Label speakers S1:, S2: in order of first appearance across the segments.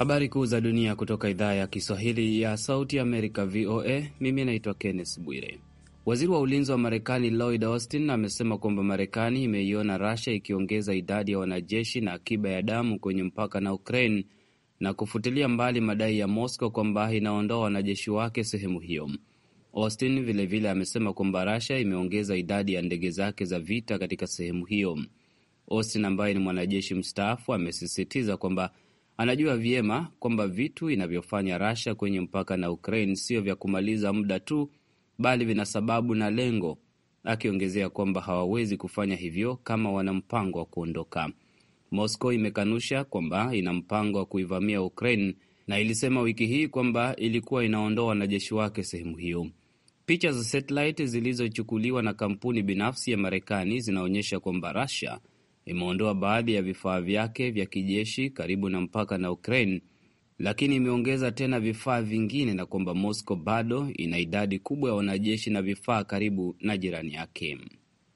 S1: Habari kuu za dunia kutoka idhaa ya Kiswahili ya Sauti Amerika, VOA. Mimi naitwa Kenneth Bwire. Waziri wa ulinzi wa Marekani Lloyd Austin amesema kwamba Marekani imeiona Russia ikiongeza idadi ya wanajeshi na akiba ya damu kwenye mpaka na Ukraine na kufutilia mbali madai ya Moscow kwamba inaondoa wanajeshi wake sehemu hiyo. Austin vilevile vile amesema kwamba rasia imeongeza idadi ya ndege zake za vita katika sehemu hiyo. Austin ambaye ni mwanajeshi mstaafu amesisitiza kwamba anajua vyema kwamba vitu inavyofanya Russia kwenye mpaka na Ukraine sio vya kumaliza muda tu, bali vina sababu na lengo, akiongezea kwamba hawawezi kufanya hivyo kama wana mpango wa kuondoka. Moscow imekanusha kwamba ina mpango wa kuivamia Ukraine na ilisema wiki hii kwamba ilikuwa inaondoa wanajeshi wake sehemu hiyo. Picha za satellite zilizochukuliwa na kampuni binafsi ya Marekani zinaonyesha kwamba Russia imeondoa baadhi ya vifaa vyake vya kijeshi karibu na mpaka na Ukraine, lakini imeongeza tena vifaa vingine na kwamba Moscow bado ina idadi kubwa ya wanajeshi na vifaa karibu na jirani yake.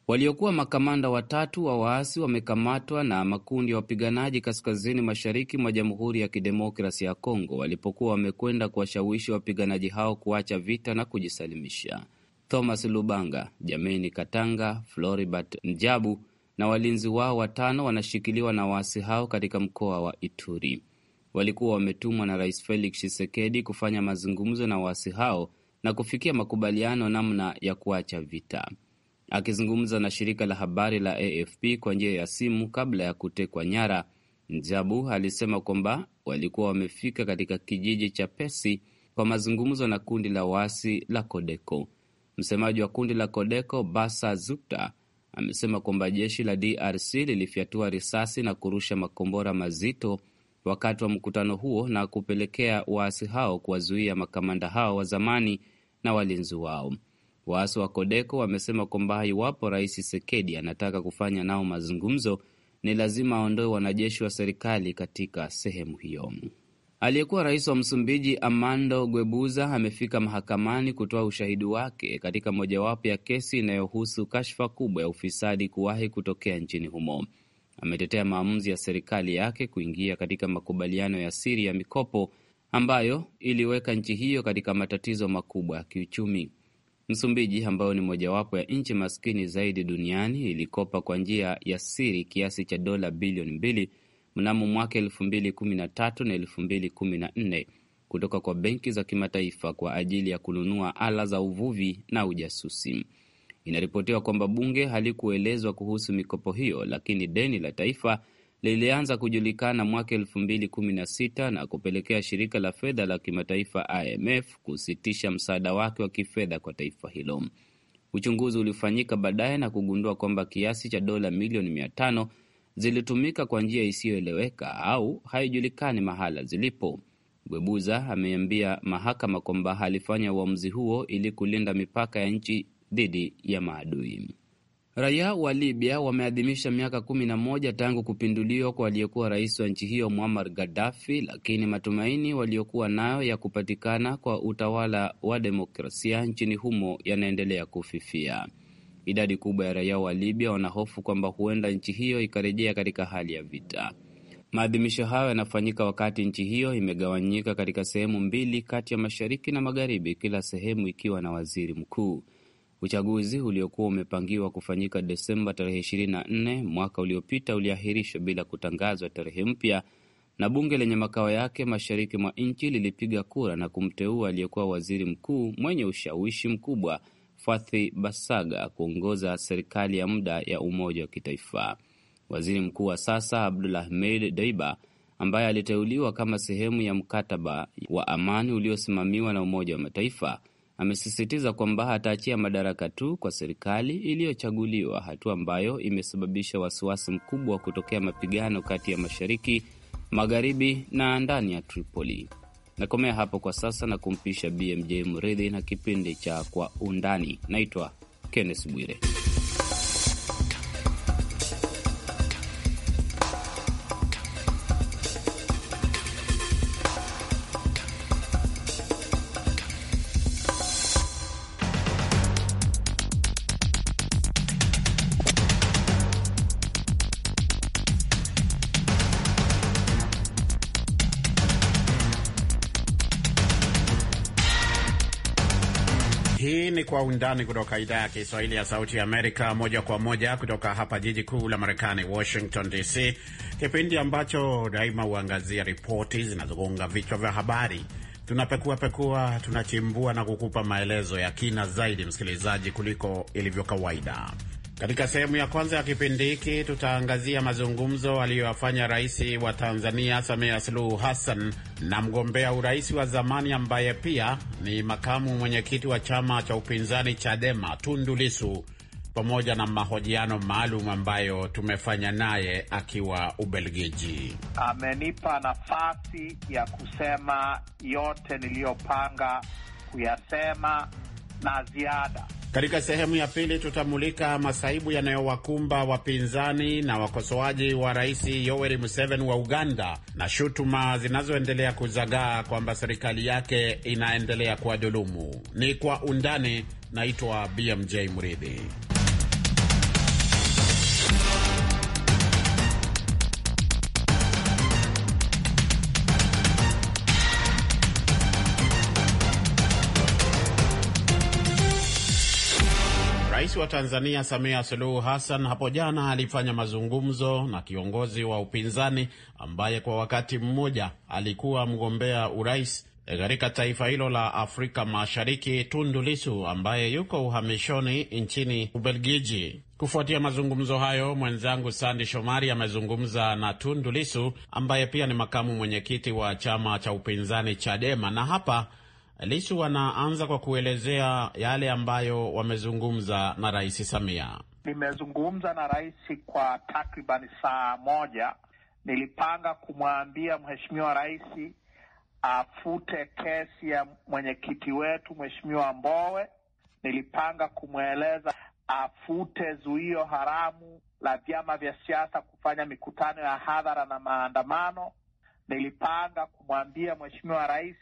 S1: Waliokuwa makamanda watatu wa waasi wamekamatwa na makundi ya wapiganaji kaskazini mashariki mwa Jamhuri ya Kidemokrasi ya Kongo walipokuwa wamekwenda kuwashawishi wapiganaji hao kuacha vita na kujisalimisha. Thomas Lubanga, Jameni Katanga, Floribert Njabu na walinzi wao watano wanashikiliwa na waasi hao katika mkoa wa Ituri. Walikuwa wametumwa na Rais Felix Tshisekedi kufanya mazungumzo na waasi hao na kufikia makubaliano namna ya kuacha vita. Akizungumza na shirika la habari la AFP kwa njia ya simu kabla ya kutekwa nyara, Njabu alisema kwamba walikuwa wamefika katika kijiji cha Pesi kwa mazungumzo na kundi la waasi la Kodeko. Msemaji wa kundi la Kodeko Basa Zupta amesema kwamba jeshi la DRC lilifyatua risasi na kurusha makombora mazito wakati wa mkutano huo na kupelekea waasi hao kuwazuia makamanda hao wa zamani na walinzi wao. Waasi wa Kodeko wamesema kwamba iwapo Rais Tshisekedi anataka kufanya nao mazungumzo, ni lazima aondoe wanajeshi wa serikali katika sehemu hiyo. Aliyekuwa rais wa Msumbiji Armando Guebuza amefika mahakamani kutoa ushahidi wake katika mojawapo ya kesi inayohusu kashfa kubwa ya ufisadi kuwahi kutokea nchini humo. Ametetea maamuzi ya serikali yake kuingia katika makubaliano ya siri ya mikopo ambayo iliweka nchi hiyo katika matatizo makubwa ya kiuchumi. Msumbiji ambayo ni mojawapo ya nchi maskini zaidi duniani ilikopa kwa njia ya siri kiasi cha dola bilioni mbili mnamo mwaka 2013 na 2014 kutoka kwa benki za kimataifa kwa ajili ya kununua ala za uvuvi na ujasusi. Inaripotiwa kwamba bunge halikuelezwa kuhusu mikopo hiyo, lakini deni la taifa lilianza kujulikana mwaka 2016 na kupelekea shirika la fedha la kimataifa IMF kusitisha msaada wake wa kifedha kwa taifa hilo. Uchunguzi ulifanyika baadaye na kugundua kwamba kiasi cha dola milioni mia tano zilitumika kwa njia isiyoeleweka au haijulikani mahala zilipo. Bwebuza ameambia mahakama kwamba alifanya uamuzi huo ili kulinda mipaka ya nchi dhidi ya maadui. Raia wa Libya wameadhimisha miaka kumi na moja tangu kupinduliwa kwa aliyekuwa rais wa nchi hiyo Muammar Gaddafi, lakini matumaini waliokuwa nayo ya kupatikana kwa utawala wa demokrasia nchini humo yanaendelea kufifia. Idadi kubwa ya raia wa Libya wanahofu kwamba huenda nchi hiyo ikarejea katika hali ya vita. Maadhimisho hayo yanafanyika wakati nchi hiyo imegawanyika katika sehemu mbili kati ya mashariki na magharibi, kila sehemu ikiwa na waziri mkuu. Uchaguzi uliokuwa umepangiwa kufanyika Desemba tarehe 24 mwaka uliopita uliahirishwa bila kutangazwa tarehe mpya, na bunge lenye makao yake mashariki mwa nchi lilipiga kura na kumteua aliyekuwa waziri mkuu mwenye ushawishi mkubwa Fathi basaga kuongoza serikali ya muda ya umoja wa kitaifa. Waziri mkuu wa sasa Abdulahmed Deiba ambaye aliteuliwa kama sehemu ya mkataba wa amani uliosimamiwa na Umoja wa Mataifa amesisitiza kwamba ataachia madaraka tu kwa serikali iliyochaguliwa, hatua ambayo imesababisha wasiwasi mkubwa wa kutokea mapigano kati ya mashariki, magharibi na ndani ya Tripoli. Nakomea hapo kwa sasa na kumpisha BMJ Mridhi na kipindi cha Kwa Undani. Naitwa Kenneth Bwire.
S2: Kwa Undani kutoka idhaa ya Kiswahili ya Sauti Amerika, moja kwa moja kutoka hapa jiji kuu la Marekani, Washington DC, kipindi ambacho daima huangazia ripoti zinazogonga vichwa vya habari. Tunapekua pekua, tunachimbua na kukupa maelezo ya kina zaidi, msikilizaji, kuliko ilivyo kawaida. Katika sehemu ya kwanza ya kipindi hiki tutaangazia mazungumzo aliyoyafanya rais wa Tanzania Samia Suluhu Hassan na mgombea urais wa zamani ambaye pia ni makamu mwenyekiti wa chama cha upinzani Chadema Tundu Lissu, pamoja na mahojiano maalum ambayo tumefanya naye akiwa Ubelgiji.
S3: Amenipa nafasi ya kusema yote niliyopanga kuyasema na ziada
S2: katika sehemu ya pili tutamulika masaibu yanayowakumba wapinzani na wakosoaji wa Rais Yoweri Museveni wa Uganda na shutuma zinazoendelea kuzagaa kwamba serikali yake inaendelea kuwadhulumu. Ni kwa undani. Naitwa BMJ Mridhi. Rais wa Tanzania Samia Suluhu Hassan hapo jana alifanya mazungumzo na kiongozi wa upinzani ambaye kwa wakati mmoja alikuwa mgombea urais katika taifa hilo la Afrika Mashariki, Tundu Lissu ambaye yuko uhamishoni nchini Ubelgiji. Kufuatia mazungumzo hayo, mwenzangu Sandi Shomari amezungumza na Tundu Lissu ambaye pia ni makamu mwenyekiti wa chama cha upinzani Chadema, na hapa lisu wanaanza kwa kuelezea yale ambayo wamezungumza na Rais Samia.
S3: Nimezungumza na rais kwa takriban saa moja. Nilipanga kumwambia mheshimiwa rais afute kesi ya mwenyekiti wetu mheshimiwa Mbowe. Nilipanga kumweleza afute zuio haramu la vyama vya siasa kufanya mikutano ya hadhara na maandamano. Nilipanga kumwambia mheshimiwa rais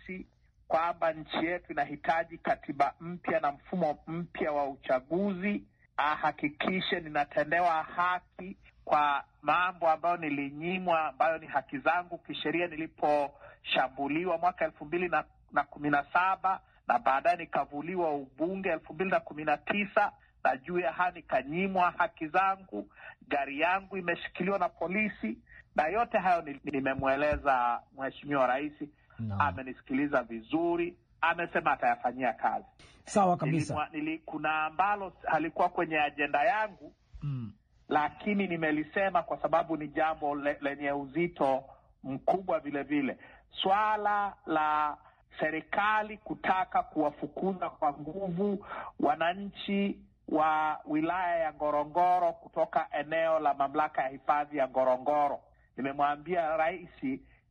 S3: kwamba nchi yetu inahitaji katiba mpya na mfumo mpya wa uchaguzi, ahakikishe ninatendewa haki kwa mambo ambayo nilinyimwa, ambayo ni haki zangu kisheria niliposhambuliwa mwaka elfu mbili na, na kumi na saba na baadaye nikavuliwa ubunge elfu mbili na kumi na tisa na juu ya haya nikanyimwa haki zangu, gari yangu imeshikiliwa na polisi, na yote hayo nimemweleza Mheshimiwa Rais no. amenisikiliza vizuri, amesema atayafanyia kazi.
S4: Sawa kabisa.
S3: Nili, kuna ambalo halikuwa kwenye ajenda yangu mm. lakini nimelisema kwa sababu ni jambo le, lenye uzito mkubwa vilevile, swala la serikali kutaka kuwafukuza kwa nguvu wananchi wa wilaya ya Ngorongoro kutoka eneo la mamlaka ya hifadhi ya Ngorongoro. Nimemwambia rais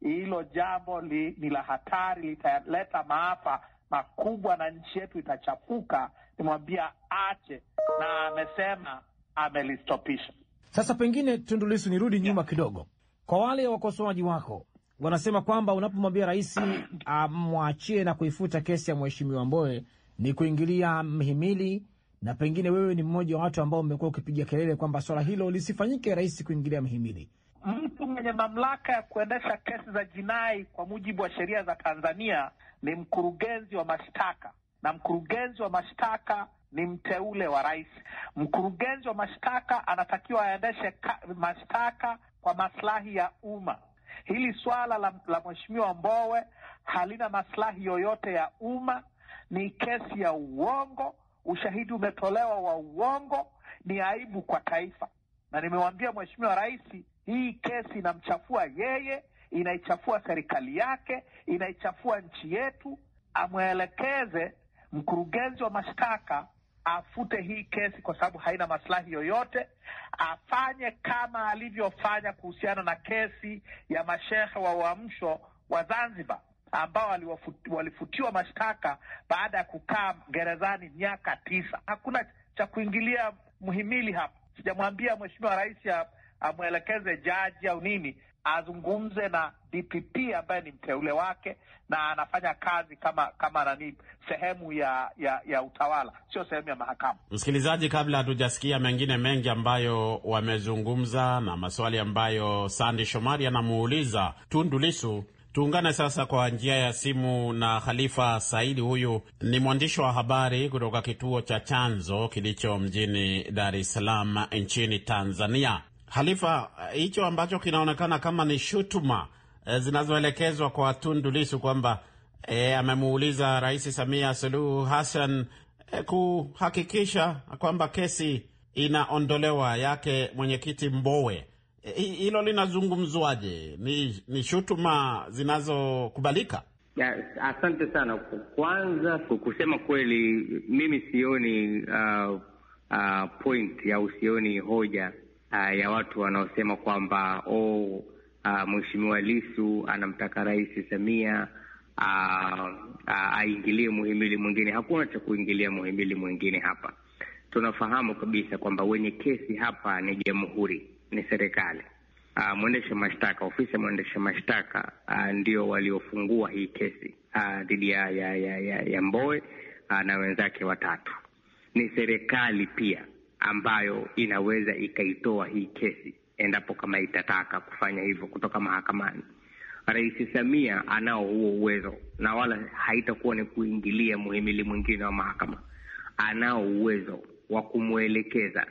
S3: hilo jambo li, ni la hatari, litaleta maafa makubwa na nchi yetu itachafuka. Nimwambia ache, na amesema amelistopisha. Sasa pengine tundulisu nirudi nyuma yeah, kidogo kwa wale wakosoaji wako wanasema kwamba unapomwambia rais amwachie na kuifuta kesi ya mheshimiwa Mbowe ni kuingilia mhimili, na pengine wewe ni mmoja wa watu ambao umekuwa ukipiga kelele kwamba swala hilo lisifanyike, rais kuingilia mhimili. Mtu mwenye mamlaka ya kuendesha kesi za jinai kwa mujibu wa sheria za Tanzania ni mkurugenzi wa mashtaka, na mkurugenzi wa mashtaka ni mteule wa rais. Mkurugenzi wa mashtaka anatakiwa aendeshe mashtaka kwa maslahi ya umma. Hili swala la, la mheshimiwa Mbowe halina maslahi yoyote ya umma, ni kesi ya uongo, ushahidi umetolewa wa uongo, ni aibu kwa taifa na nimemwambia Mheshimiwa Rais, hii kesi inamchafua yeye, inaichafua serikali yake, inaichafua nchi yetu. Amwelekeze mkurugenzi wa mashtaka afute hii kesi kwa sababu haina maslahi yoyote. Afanye kama alivyofanya kuhusiana na kesi ya mashehe wa Uamsho wa Zanzibar ambao walifutiwa mashtaka baada ya kukaa gerezani miaka tisa. Hakuna cha kuingilia mhimili hapa sijamwambia mheshimiwa rais amwelekeze jaji au nini, azungumze na DPP ambaye ni mteule wake na anafanya kazi kama kama nani, sehemu ya, ya ya utawala, sio sehemu ya mahakama.
S2: Msikilizaji, kabla hatujasikia mengine mengi ambayo wamezungumza na maswali ambayo Sandi Shomari anamuuliza Tundu Lisu, Tuungane sasa kwa njia ya simu na Khalifa Saidi. Huyu ni mwandishi wa habari kutoka kituo cha Chanzo kilicho mjini Dar es Salaam nchini Tanzania. Khalifa, hicho ambacho kinaonekana kama ni shutuma eh, zinazoelekezwa kwa Tundu Lissu kwamba e, amemuuliza Rais Samia Suluhu Hassan e, kuhakikisha kwamba kesi inaondolewa yake mwenyekiti Mbowe hilo linazungumzwaje? Ni, ni shutuma zinazokubalika?
S5: Asante sana. Kwanza kusema kweli, mimi sioni uh, uh, point au sioni hoja uh, ya watu wanaosema kwamba oh, uh, Mheshimiwa Lisu anamtaka Rais Samia uh, uh, aingilie muhimili mwingine. Hakuna cha kuingilia muhimili mwingine hapa. Tunafahamu kabisa kwamba wenye kesi hapa ni jamhuri ni serikali. Ah, mwendesha mashtaka, ofisi ya mwendesha mashtaka ah, ndio waliofungua hii kesi ah, dhidi ya, ya, ya, ya, ya Mbowe na wenzake watatu. Ni serikali pia ambayo inaweza ikaitoa hii kesi endapo kama itataka kufanya hivyo kutoka mahakamani. Rais Samia anao huo uwezo, na wala haitakuwa ni kuingilia muhimili mwingine wa mahakama. Anao uwezo wa kumwelekeza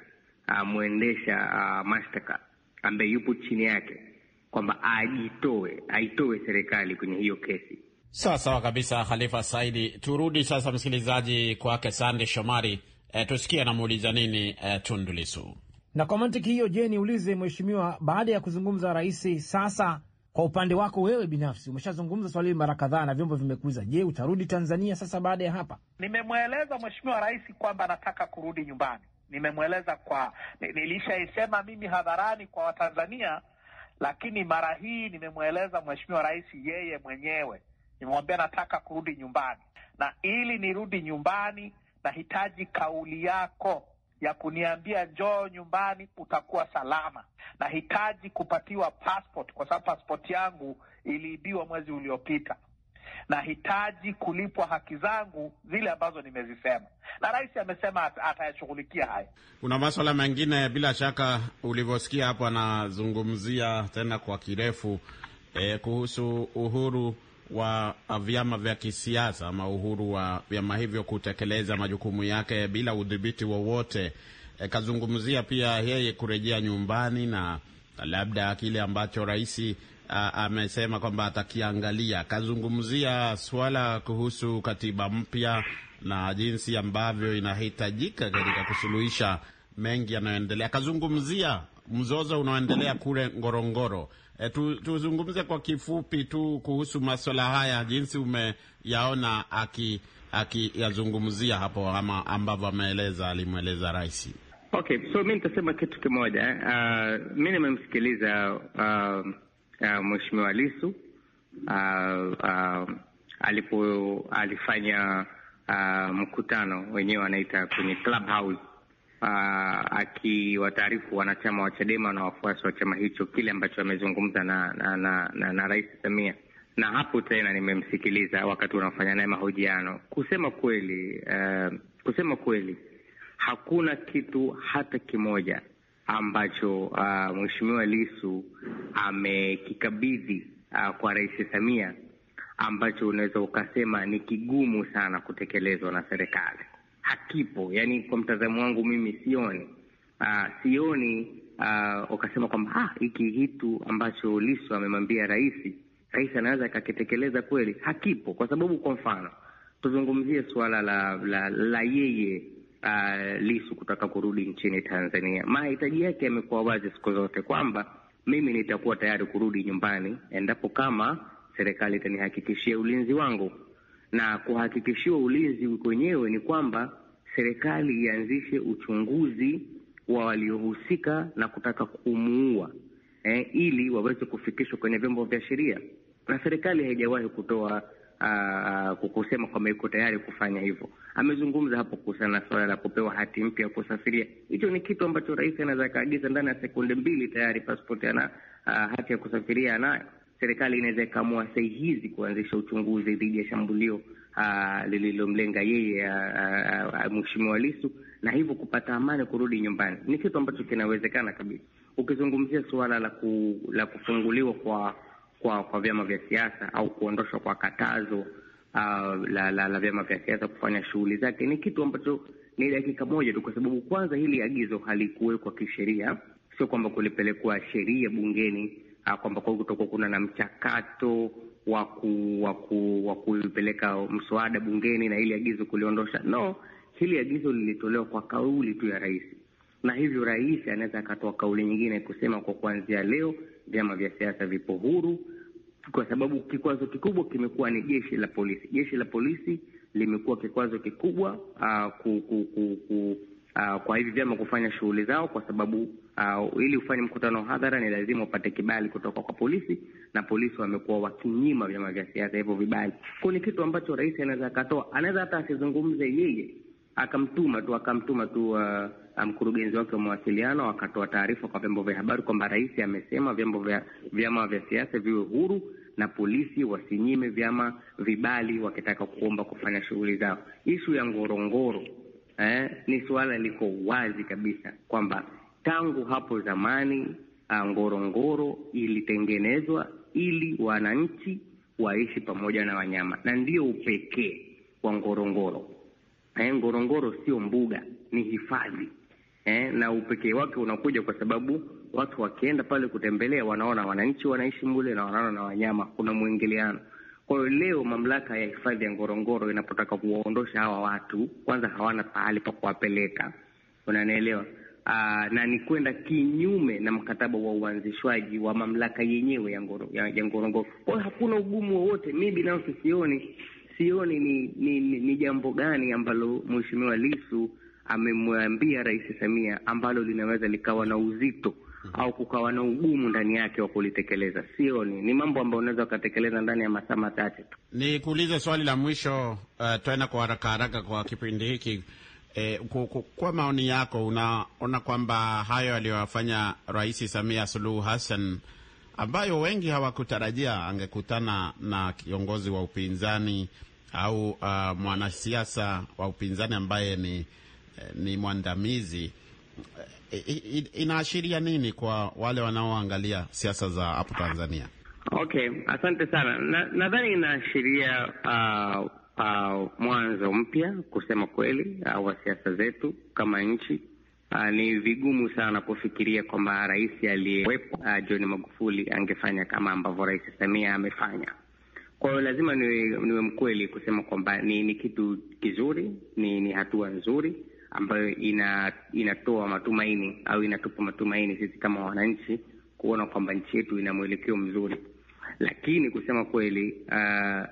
S5: uh, mwendesha uh, ah, mashtaka ambaye yupo chini yake kwamba ajitoe, aitoe serikali kwenye hiyo kesi.
S2: Sawa sawa kabisa, Khalifa Saidi. Turudi sasa msikilizaji kwake Sande Shomari, e, tusikie anamuuliza nini e, Tundu Lissu.
S3: Na kwa mantiki hiyo, je, niulize mheshimiwa, baada ya kuzungumza rais sasa kwa upande wako wewe binafsi umeshazungumza swali hili mara kadhaa na vyombo vimekuuza. Je, utarudi Tanzania sasa baada ya hapa? Nimemweleza mheshimiwa rais kwamba nataka kurudi nyumbani, nimemweleza kwa, nilishaisema mimi hadharani kwa Watanzania, lakini mara hii nimemweleza Mheshimiwa Rais yeye mwenyewe, nimemwambia nataka kurudi nyumbani, na ili nirudi nyumbani nahitaji kauli yako ya kuniambia njoo nyumbani, utakuwa salama. Nahitaji kupatiwa passport kwa sababu passport yangu iliibiwa mwezi uliopita nahitaji kulipwa haki zangu zile ambazo nimezisema, na rais amesema atayashughulikia haya.
S2: Kuna maswala mengine bila shaka ulivyosikia hapo, anazungumzia tena kwa kirefu eh, kuhusu uhuru wa vyama vya kisiasa ama uhuru wa vyama hivyo kutekeleza majukumu yake bila udhibiti wowote. E, kazungumzia pia yeye kurejea nyumbani na labda kile ambacho rais amesema kwamba atakiangalia. Akazungumzia swala kuhusu katiba mpya na jinsi ambavyo inahitajika katika kusuluhisha mengi yanayoendelea. Akazungumzia mzozo unaoendelea kule Ngorongoro. E, tu, tuzungumze kwa kifupi tu kuhusu maswala haya jinsi umeyaona akiyazungumzia aki hapo ama ambavyo ameeleza alimweleza rais. Okay, so mi nitasema kitu kimoja. Uh, mi nimemsikiliza uh, uh, Mheshimiwa
S5: Lisu uh, ah, uh, ah, alipo alifanya uh, mkutano wenyewe wanaita kwenye clubhouse uh, akiwataarifu wanachama wa Chadema na wafuasi wa chama hicho kile ambacho amezungumza na na, na, na, na Rais Samia na hapo tena nimemsikiliza wakati unafanya naye mahojiano. Kusema kweli, uh, kusema kweli hakuna kitu hata kimoja ambacho uh, Mheshimiwa Lisu amekikabidhi uh, kwa Rais Samia ambacho unaweza ukasema ni kigumu sana kutekelezwa na serikali, hakipo. Yani, kwa mtazamo wangu mimi sioni uh, sioni uh, ukasema kwamba ah, hiki kitu ambacho Lisu amemwambia rais, rais anaweza akakitekeleza kweli, hakipo. Kwa sababu, kwa mfano tuzungumzie suala la, la, la yeye uh, Lisu kutaka kurudi nchini Tanzania, mahitaji yake yamekuwa wazi siku zote kwamba mimi nitakuwa tayari kurudi nyumbani endapo kama serikali itanihakikishia ulinzi wangu, na kuhakikishiwa ulinzi wenyewe ni kwamba serikali ianzishe uchunguzi wa waliohusika na kutaka kumuua eh, ili waweze kufikishwa kwenye vyombo vya sheria, na serikali haijawahi kutoa uh, kusema kwamba yuko tayari kufanya hivyo. Amezungumza hapo kuhusiana na suala la kupewa hati mpya kusafiria. Hicho ni kitu ambacho rais anaweza akaagiza ndani ya sekunde mbili, tayari paspoti ana uh, hati ya kusafiria anayo. Serikali inaweza ikaamua saa hizi kuanzisha uchunguzi dhidi ya shambulio Uh, lililomlenga yeye uh, uh, uh, Mheshimiwa Lisu na hivyo kupata amani kurudi nyumbani, ni kitu ambacho kinawezekana kabisa. Ukizungumzia suala la, ku, la kufunguliwa kwa kwa kwa vyama vya siasa au kuondoshwa kwa katazo uh, la, la, la vyama vya siasa kufanya shughuli zake ni kitu ambacho ni dakika moja tu, kwa sababu kwanza hili agizo halikuwekwa kisheria, sio kwamba kulipelekwa sheria bungeni uh, kwamba kutakuwa kuna na mchakato wa wa kuipeleka mswada bungeni na hili agizo kuliondosha. No, hili agizo lilitolewa kwa kauli tu ya rais, na hivyo rais anaweza akatoa kauli nyingine kusema kwa kuanzia leo vyama vya siasa vipo huru, kwa sababu kikwazo kikubwa kimekuwa ni jeshi la polisi. Jeshi la polisi limekuwa kikwazo kikubwa uh, ku, ku, ku, ku, uh, kwa hivi vyama kufanya shughuli zao, kwa sababu uh, ili ufanye mkutano wa hadhara ni lazima upate kibali kutoka kwa polisi, na polisi wamekuwa wakinyima vyama vya siasa hivyo vibali. Kwa ni kitu ambacho rais anaweza akatoa, anaweza hata asizungumze yeye, akamtuma tu akamtuma tu uh, Ah, mkurugenzi wake wa mawasiliano akatoa taarifa kwa vyombo vya habari kwamba rais amesema vyombo vya vyama vya siasa viwe huru na polisi wasinyime vyama vibali wakitaka kuomba kufanya shughuli zao. Ishu ya Ngorongoro eh, ni suala liko wazi kabisa kwamba tangu hapo zamani ah, Ngorongoro ilitengenezwa ili wananchi waishi pamoja na wanyama, na ndio upekee wa Ngorongoro. Eh, Ngorongoro sio mbuga, ni hifadhi eh, na upekee wake unakuja kwa sababu watu wakienda pale kutembelea wanaona wananchi wanaishi mule na wanaona na wanyama, kuna mwingiliano. Kwa hiyo leo mamlaka ya hifadhi ya Ngorongoro inapotaka kuwaondosha hawa watu, kwanza hawana pahali pa kuwapeleka, unanielewa? Aa, ah, na ni kwenda kinyume na mkataba wa uanzishwaji wa mamlaka yenyewe ya, ya, ya Ngorongoro. Kwa hiyo hakuna ugumu wowote, mi binafsi sioni sioni ni, ni, ni, ni jambo gani ambalo Mheshimiwa Lisu amemwambia Rais Samia ambalo linaweza likawa na uzito Mm -hmm. au kukawa na ugumu ndani yake wa kulitekeleza. Sioni ni mambo ambayo unaweza ukatekeleza ndani ya masaa machache tu.
S2: kuulize swali la mwisho uh, eh, tena kwa haraka haraka kwa kipindi hiki eh, kwa maoni yako unaona kwamba hayo aliyoyafanya Rais Samia Suluhu Hassan ambayo wengi hawakutarajia angekutana na kiongozi wa upinzani au uh, mwanasiasa wa upinzani ambaye ni Eh, ni mwandamizi eh, inaashiria nini kwa wale wanaoangalia siasa za hapo Tanzania?
S6: Okay,
S5: asante sana. Nadhani na inaashiria uh, uh, mwanzo mpya kusema kweli, uh, wa siasa zetu kama nchi. Uh, ni vigumu sana kufikiria kwamba rais aliyewepo uh, John Magufuli angefanya kama ambavyo Rais Samia amefanya. Kwa hiyo lazima niwe, niwe mkweli kusema kwamba ni, ni kitu kizuri, ni, ni hatua nzuri ambayo ina inatoa matumaini au inatupa matumaini sisi kama wananchi kuona kwamba nchi yetu ina mwelekeo mzuri, lakini kusema kweli, uh,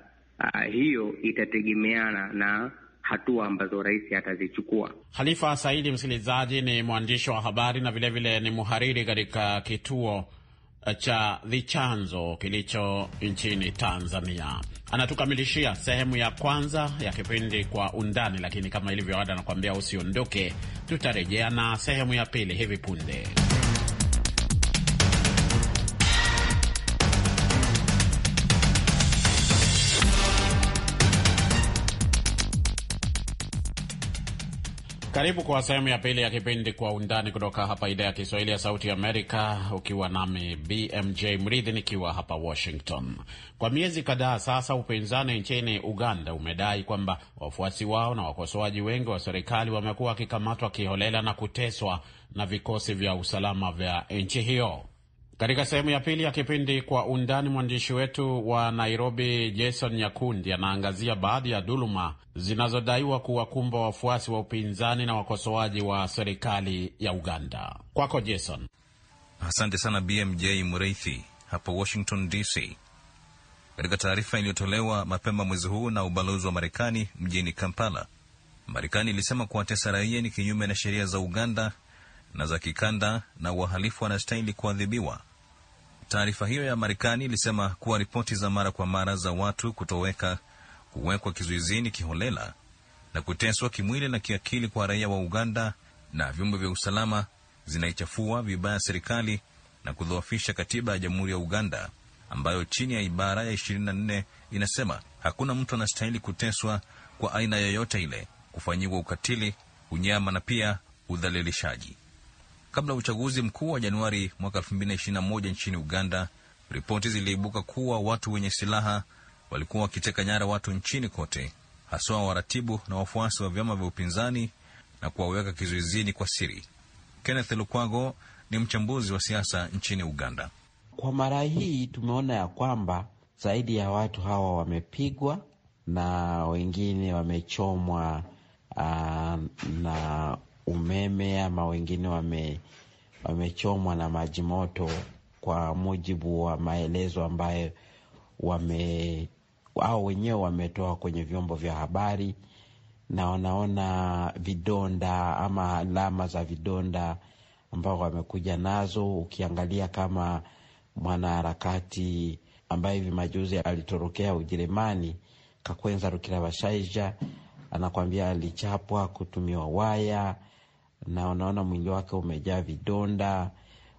S5: uh, hiyo itategemeana na hatua ambazo rais atazichukua.
S2: Halifa Saidi, msikilizaji, ni mwandishi wa habari na vilevile vile ni mhariri katika kituo cha vichanzo kilicho nchini Tanzania. Anatukamilishia sehemu ya kwanza ya kipindi kwa undani, lakini kama ilivyo ada, anakuambia usiondoke, tutarejea na sehemu ya pili hivi punde. Karibu kwa sehemu ya pili ya kipindi Kwa Undani kutoka hapa idhaa ya Kiswahili ya Sauti ya Amerika, ukiwa nami BMJ Mridhi nikiwa hapa Washington. Kwa miezi kadhaa sasa, upinzani nchini Uganda umedai kwamba wafuasi wao na wakosoaji wengi wa serikali wamekuwa wakikamatwa kiholela na kuteswa na vikosi vya usalama vya nchi hiyo. Katika sehemu ya pili ya kipindi Kwa Undani, mwandishi wetu wa Nairobi Jason Nyakundi anaangazia baadhi ya dhuluma zinazodaiwa kuwakumba wafuasi wa upinzani na wakosoaji wa serikali ya Uganda. Kwako
S7: Jason. Asante sana BMJ Mreithi hapo Washington DC. Katika taarifa iliyotolewa mapema mwezi huu na ubalozi wa Marekani mjini Kampala, Marekani ilisema kuwatesa raia ni kinyume na sheria za Uganda na za kikanda na wahalifu wanastahili kuadhibiwa. Taarifa hiyo ya Marekani ilisema kuwa ripoti za mara kwa mara za watu kutoweka, kuwekwa kizuizini kiholela na kuteswa kimwili na kiakili kwa raia wa Uganda na vyombo vya usalama zinaichafua vibaya serikali na kudhoofisha katiba ya Jamhuri ya Uganda ambayo chini ya ibara ya 24 inasema hakuna mtu anastahili kuteswa kwa aina yoyote ile, kufanyiwa ukatili, unyama na pia udhalilishaji kabla uchaguzi mkuu wa Januari mwaka 2021 nchini Uganda, ripoti ziliibuka kuwa watu wenye silaha walikuwa wakiteka nyara watu nchini kote, haswa waratibu na wafuasi wa vyama vya upinzani na kuwaweka kizuizini kwa siri. Kenneth Lukwago ni mchambuzi wa siasa nchini Uganda. Kwa mara hii tumeona ya kwamba
S4: zaidi ya watu hawa wamepigwa na wengine wamechomwa, uh, na umeme ama wengine wame, wamechomwa na maji moto, kwa mujibu wa maelezo ambayo wame au wenyewe wametoa kwenye vyombo vya habari, na wanaona vidonda ama alama za vidonda ambao wamekuja nazo. Ukiangalia kama mwanaharakati ambaye hivi majuzi alitorokea Ujerumani, Kakwenza Bashaija anakwambia alichapwa kutumiwa waya na unaona mwili wake umejaa vidonda.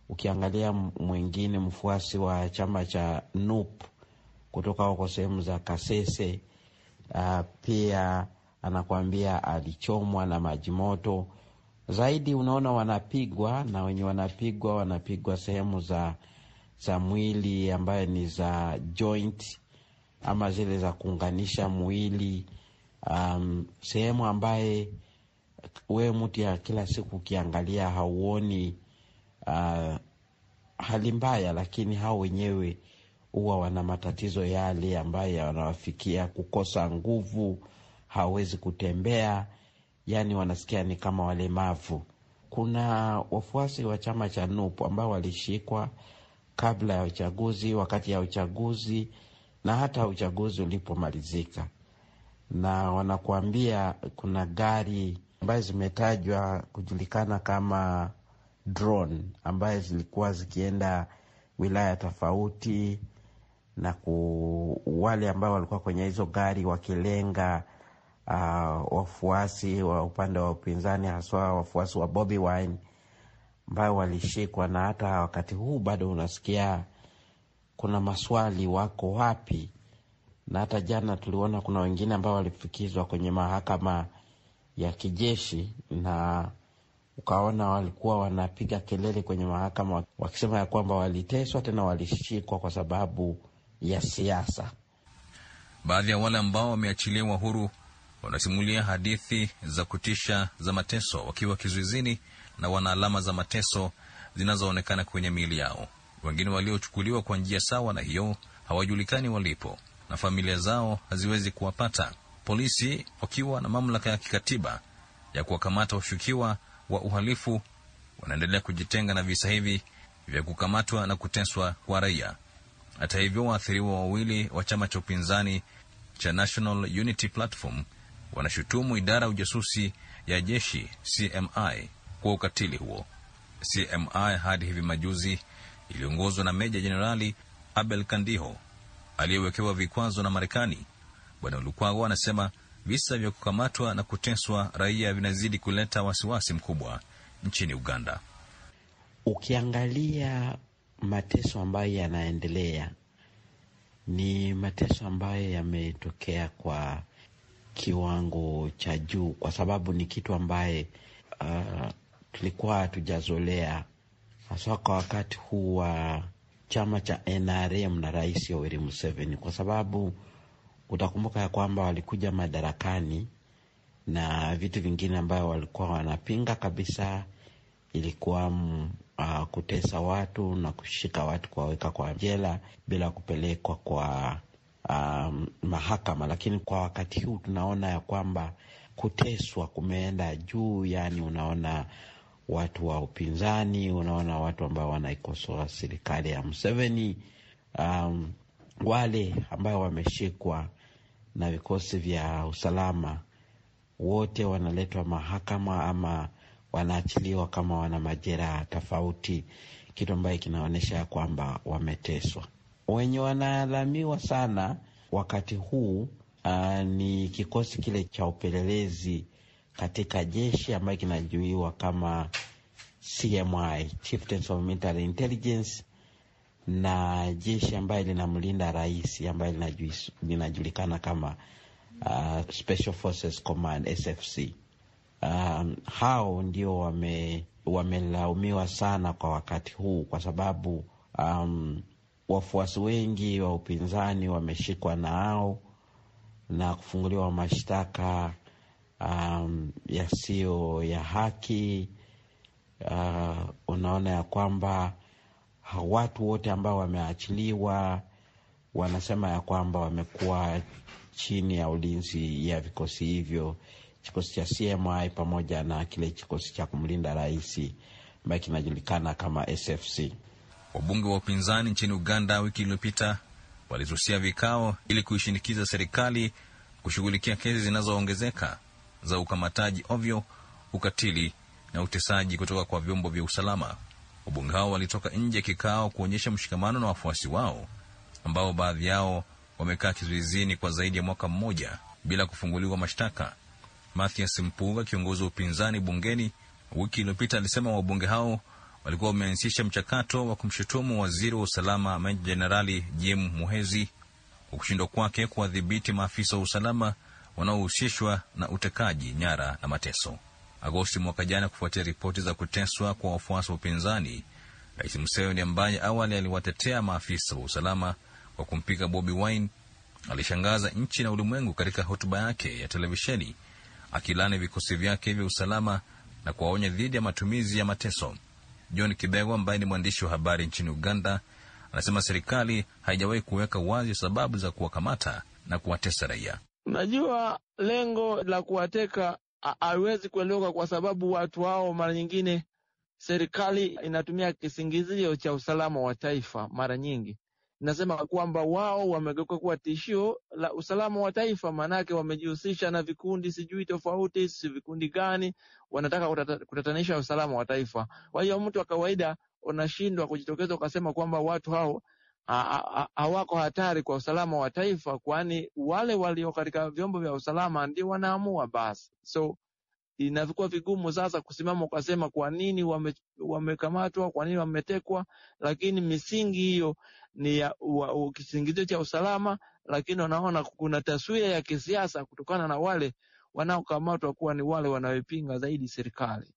S4: Ukiangalia mwingine mfuasi wa chama cha NUP kutoka huko sehemu za Kasese, uh, pia anakuambia alichomwa na maji moto zaidi. Unaona wanapigwa na wenye wanapigwa wanapigwa sehemu za, za mwili ambayo ni za joint ama zile za kuunganisha mwili um, sehemu ambaye wewe mtu ya kila siku ukiangalia hauoni uh, hali mbaya, lakini hao wenyewe huwa wana matatizo yale ambayo yanawafikia kukosa nguvu, hawezi kutembea, yani wanasikia ni kama walemavu. Kuna wafuasi wa chama cha NUP ambao walishikwa kabla ya uchaguzi, wakati ya uchaguzi na hata uchaguzi ulipomalizika, na wanakuambia kuna gari ambaye zimetajwa kujulikana kama drone, ambayo zilikuwa zikienda wilaya tofauti na ku wale ambao walikuwa kwenye hizo gari wakilenga uh, wafuasi wa upande wa upinzani haswa wafuasi wa Bobi Wine ambayo walishikwa, na hata wakati huu bado unasikia kuna maswali, wako wapi? Na hata jana tuliona kuna wengine ambao walifikizwa kwenye mahakama ya kijeshi na ukaona walikuwa wanapiga kelele kwenye mahakama wakisema ya kwamba waliteswa tena walishikwa kwa sababu ya siasa.
S7: Baadhi ya wale ambao wameachiliwa huru wanasimulia hadithi za kutisha za mateso wakiwa kizuizini na wana alama za mateso zinazoonekana kwenye miili yao. Wengine waliochukuliwa kwa njia sawa na hiyo hawajulikani walipo na familia zao haziwezi kuwapata polisi wakiwa na mamlaka ya kikatiba ya kuwakamata washukiwa wa uhalifu wanaendelea kujitenga na visa hivi vya kukamatwa na kuteswa kwa raia. Hata hivyo, waathiriwa wawili wa chama cha upinzani cha National Unity Platform wanashutumu idara ya ujasusi ya jeshi CMI kwa ukatili huo. CMI hadi hivi majuzi iliongozwa na Meja Jenerali Abel Kandiho aliyewekewa vikwazo na Marekani Bwana Lukwago anasema visa vya kukamatwa na kuteswa raia vinazidi kuleta wasiwasi mkubwa nchini Uganda.
S4: Ukiangalia mateso ambayo yanaendelea, ni mateso ambayo yametokea kwa kiwango cha juu, kwa sababu ni kitu ambaye uh, tulikuwa hatujazolea haswa kwa wakati huu wa chama cha NRM na Rais Yoweri Museveni, kwa sababu utakumbuka ya kwamba walikuja madarakani na vitu vingine ambayo walikuwa wanapinga kabisa ilikuwa uh, kutesa watu na kushika watu kuwaweka kwa jela bila kupelekwa kwa uh, mahakama. Lakini kwa wakati huu tunaona ya kwamba kuteswa kumeenda juu, yani unaona watu wa upinzani, unaona watu ambao wanaikosoa serikali ya Museveni um, wale ambao wameshikwa na vikosi vya usalama wote wanaletwa mahakama ama wanaachiliwa kama wana majeraha tofauti, kitu ambayo kinaonyesha kwamba wameteswa. Wenye wanaalamiwa sana wakati huu uh, ni kikosi kile cha upelelezi katika jeshi ambayo kinajuiwa kama CMI, Intelligence, na jeshi ambaye linamlinda rais ambaye linajulikana kama uh, Special Forces Command SFC. Um, hao ndio wamelaumiwa wame sana kwa wakati huu kwa sababu um, wafuasi wengi wa upinzani wameshikwa nao na kufunguliwa mashtaka um, yasiyo ya haki. Uh, unaona ya kwamba watu wote ambao wameachiliwa wanasema ya kwamba wamekuwa chini ya ulinzi ya vikosi hivyo, kikosi cha CMI pamoja na kile kikosi cha kumlinda rais ambaye kinajulikana
S7: kama SFC. Wabunge wa upinzani nchini Uganda wiki iliyopita walisusia vikao ili kuishinikiza serikali kushughulikia kesi zinazoongezeka za ukamataji ovyo, ukatili na utesaji kutoka kwa vyombo vya usalama. Wabunge hao walitoka nje ya kikao kuonyesha mshikamano na wafuasi wao ambao baadhi yao wamekaa kizuizini kwa zaidi ya mwaka mmoja bila kufunguliwa mashtaka. Mathias Mpuga, kiongozi wa upinzani bungeni, wiki iliyopita alisema wabunge hao walikuwa wameanzisha mchakato wa kumshutumu waziri wa usalama Meja Jenerali Jim Muhezi kwa kushindwa kwake kuwadhibiti maafisa wa usalama wanaohusishwa na utekaji nyara na mateso. Agosti mwaka jana, kufuatia ripoti za kuteswa kwa wafuasi wa upinzani. Rais Museveni ambaye awali aliwatetea maafisa wa usalama kwa kumpiga Bobi Wine alishangaza nchi na ulimwengu katika hotuba yake ya televisheni akilani vikosi vyake vya usalama na kuwaonya dhidi ya matumizi ya mateso. John Kibego ambaye ni mwandishi wa habari nchini Uganda anasema serikali haijawahi kuweka wazi sababu za kuwakamata na kuwatesa raia.
S6: Unajua, lengo la kuwateka haiwezi kueleweka kwa sababu watu hao mara nyingine serikali inatumia kisingizio cha usalama wa taifa. Mara nyingi inasema kwamba wao wamegeuka kuwa tishio la usalama wa taifa, maanake wamejihusisha na vikundi sijui tofauti, si vikundi gani, wanataka kutatanisha usalama wa taifa. Kwa hiyo mtu wa kawaida unashindwa kujitokeza ukasema kwamba watu hao hawako hatari kwa usalama wa taifa, kwani wale walio katika vyombo vya usalama ndio wanaamua basi. So inakuwa vigumu sasa kusimama ukasema kwa nini wamekamatwa, wame kwa nini wametekwa, lakini misingi hiyo ni ya kisingizio cha usalama, lakini wanaona kuna taswira ya kisiasa kutokana na wale wanaokamatwa kuwa ni wale wanaoipinga zaidi serikali.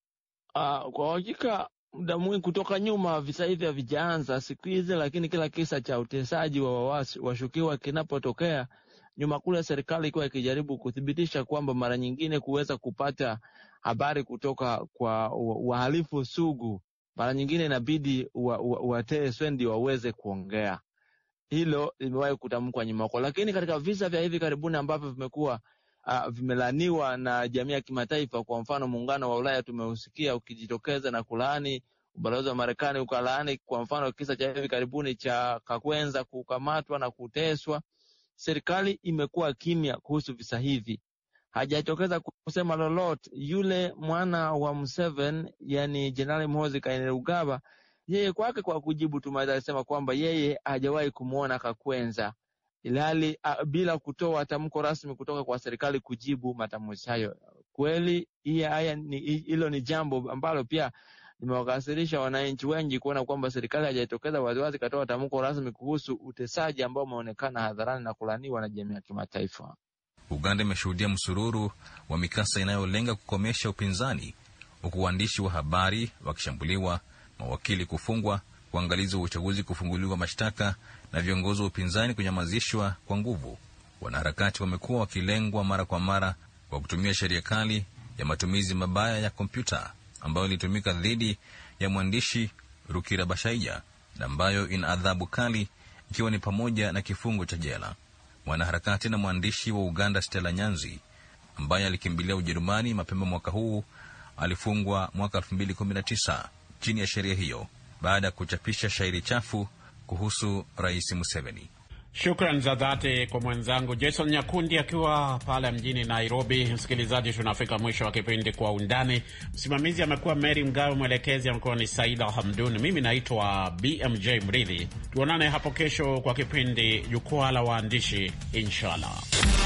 S6: Uh, kwa hakika muda mwingi kutoka nyuma, visa hivi havijaanza siku hizi, lakini kila kisa cha utesaji wa washukiwa kinapotokea nyuma kule, serikali ikiwa ikijaribu kuthibitisha kwamba mara nyingine kuweza kupata habari kutoka kwa wahalifu sugu, mara nyingine inabidi wateswe wa, wa ndio waweze kuongea. Hilo limewahi kutamkwa nyuma huko lakini katika visa vya hivi karibuni ambavyo vimekuwa uh, vimelaniwa na jamii ya kimataifa. Kwa mfano, muungano wa Ulaya tumeusikia ukijitokeza na kulaani, ubalozi wa Marekani ukalaani, kwa mfano kisa cha hivi karibuni cha Kakwenza kukamatwa na kuteswa. Serikali imekuwa kimya kuhusu visa hivi, hajatokeza kusema lolote. Yule mwana wa Museveni, yani Jenerali Mhozi Kainerugaba, yeye kwake kwa kujibu tumaweza alisema kwamba yeye hajawahi kumwona Kakwenza ilhali a, bila kutoa tamko rasmi kutoka kwa serikali kujibu matamshi hayo. Kweli hii ni hilo ni jambo ambalo pia limewakasirisha wananchi wengi kuona kwamba serikali haijatokeza waziwazi katoa tamko rasmi kuhusu utesaji ambao umeonekana hadharani na kulaniwa na jamii ya kimataifa.
S7: Uganda imeshuhudia msururu wa mikasa inayolenga kukomesha upinzani, huku waandishi wa habari wakishambuliwa, mawakili kufungwa, uangalizi wa uchaguzi kufunguliwa mashtaka na viongozi wa upinzani kunyamazishwa kwa nguvu. Wanaharakati wamekuwa wakilengwa mara kwa mara kwa kutumia sheria kali ya matumizi mabaya ya kompyuta ambayo ilitumika dhidi ya mwandishi Rukira Bashaija na ambayo ina adhabu kali ikiwa ni pamoja na kifungo cha jela. Mwanaharakati na mwandishi wa Uganda Stella Nyanzi ambaye alikimbilia Ujerumani mapema mwaka huu alifungwa mwaka 2019 chini ya sheria hiyo baada ya kuchapisha shairi chafu kuhusu Rais Museveni. Shukran za
S2: dhati kwa mwenzangu Jason Nyakundi akiwa pale mjini Nairobi. Msikilizaji, tunafika mwisho wa kipindi Kwa Undani. Msimamizi amekuwa Meri Mgawe, mwelekezi amekuwa ni Saida Hamdun, mimi naitwa BMJ Mridhi. Tuonane hapo kesho kwa kipindi Jukwaa la Waandishi, inshallah.